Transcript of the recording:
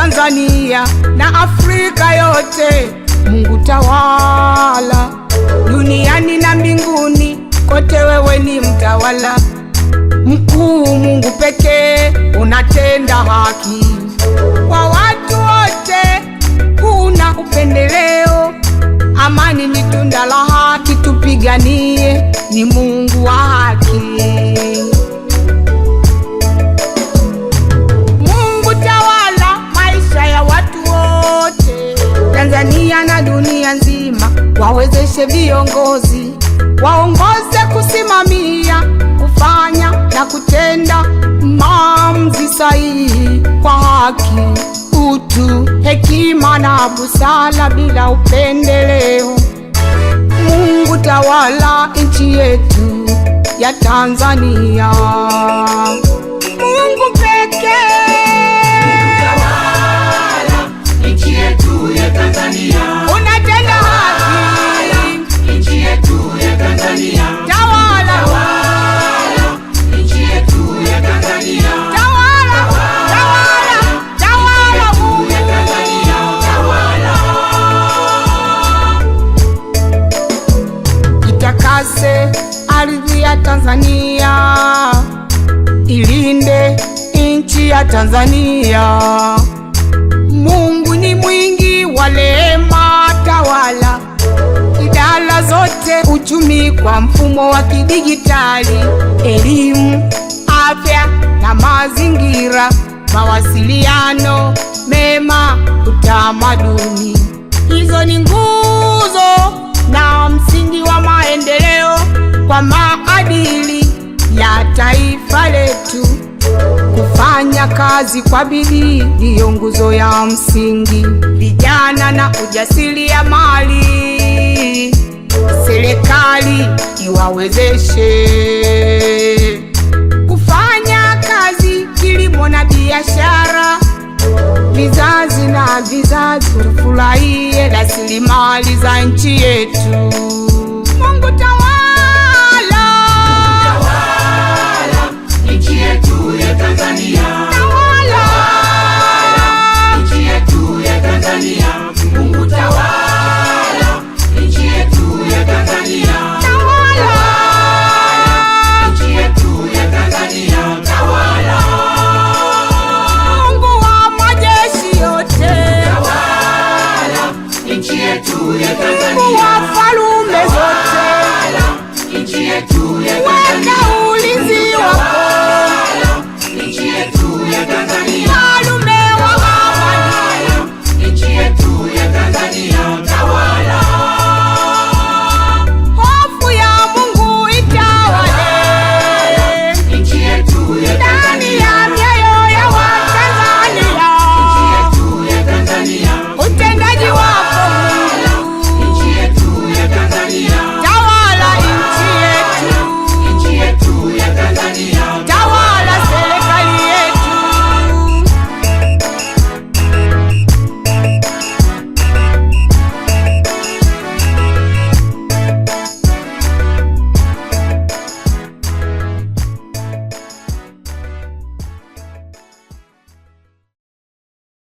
Tanzania na Afrika yote. Mungu tawala duniani na mbinguni kote, wewe ni mtawala mkuu. Mungu pekee unatenda haki kwa watu wote, kuna upendeleo. Amani ni tunda la haki, tupiganie ni Mungu tuwawezeshe viongozi waongoze kusimamia, kufanya na kutenda maamuzi sahihi kwa haki, utu, hekima na busara bila upendeleo. Mungu, tawala nchi yetu ya Tanzania. Tanzania, ilinde nchi ya Tanzania. Mungu ni mwingi wa rehema, tawala idara zote, uchumi kwa mfumo wa kidigitali, elimu, afya na mazingira, mawasiliano mema, utamaduni. Hizo ni nguzo na msingi wa maendeleo kwa maadili ya taifa letu. Kufanya kazi kwa bidii ndiyo nguzo ya msingi. Vijana na mali serikali iwawezeshe kufanya kazi, kilimo na biashara. Vizazi na vizazi tufurahie rasilimali za nchi yetu. Mungu yetu ya Tanzania, zote, nchi yetu ya Tanzania